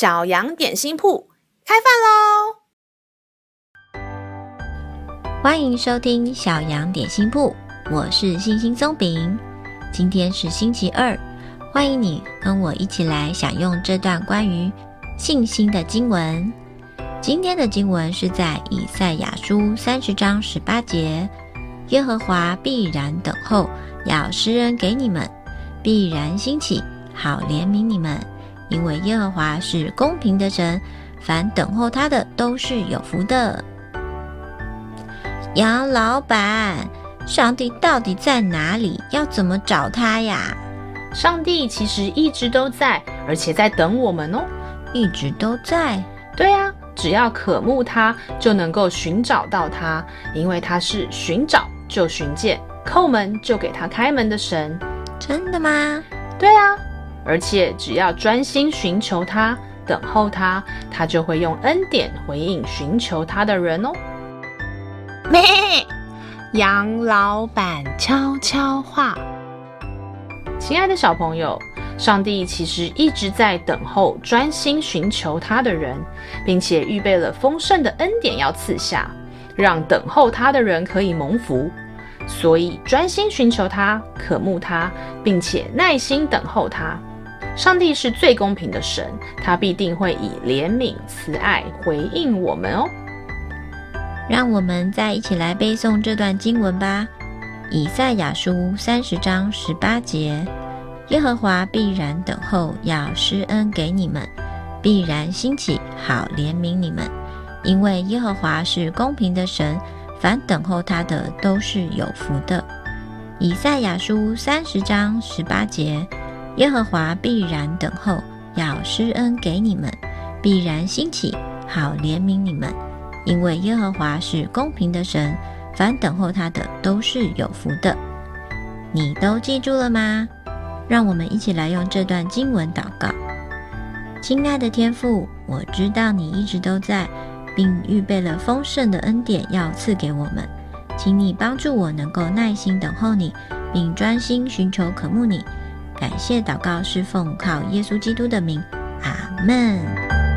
小羊點心鋪開飯嘍！歡迎收聽小羊點心鋪，我是星星鬆餅。今天是星期二，歡迎你跟我一起來享用這段關於信心的經文。今天的經文是在以賽亞書三十章十八節：“耶和華必然等候，要施恩給你們；必然興起，好憐憫你們。”耶和華是公平的神，凡等候他的都是有福的。楊老板，上帝到底在哪裡？要怎麼找他呀？上帝其實一直都在，而且在等我們哦，一直都在。對呀，只要渴慕他，就能夠尋找到他，因為他是尋找就尋見，叩門就給他開門的神。真的嗎？對呀。而且只要專心尋求他、等候他，他就會用恩典回應尋求他的人哦。咩？楊老闆悄悄話。親愛的小朋友，上帝其實一直在等候專心尋求他的人，並且預備了豐盛的恩典要賜下，讓等候他的人可以蒙福。所以專心尋求他、渴慕他，並且耐心等候他。上帝是最公平的神，他必定會以憐憫慈愛回應我們哦。讓我們再一起來背誦這段經文吧，《以賽亞書》三十章十八節：耶和華必然等候，要施恩給你們；必然興起，好憐憫你們。因為耶和華是公平的神，凡等候他的都是有福的。《以賽亞書》三十章十八節。耶和華必然等候，要施恩給你們；必然興起，好憐憫你們。因為耶和華是公平的神，凡等候他的都是有福的。你都記住了嗎？讓我們一起來用這段經文禱告。親愛的天父，我知道你一直都在，並預備了豐盛的恩典要賜給我們。請你幫助我，能夠耐心等候你，並專心尋求渴慕你。感謝禱告，是奉靠耶穌基督的名，阿門。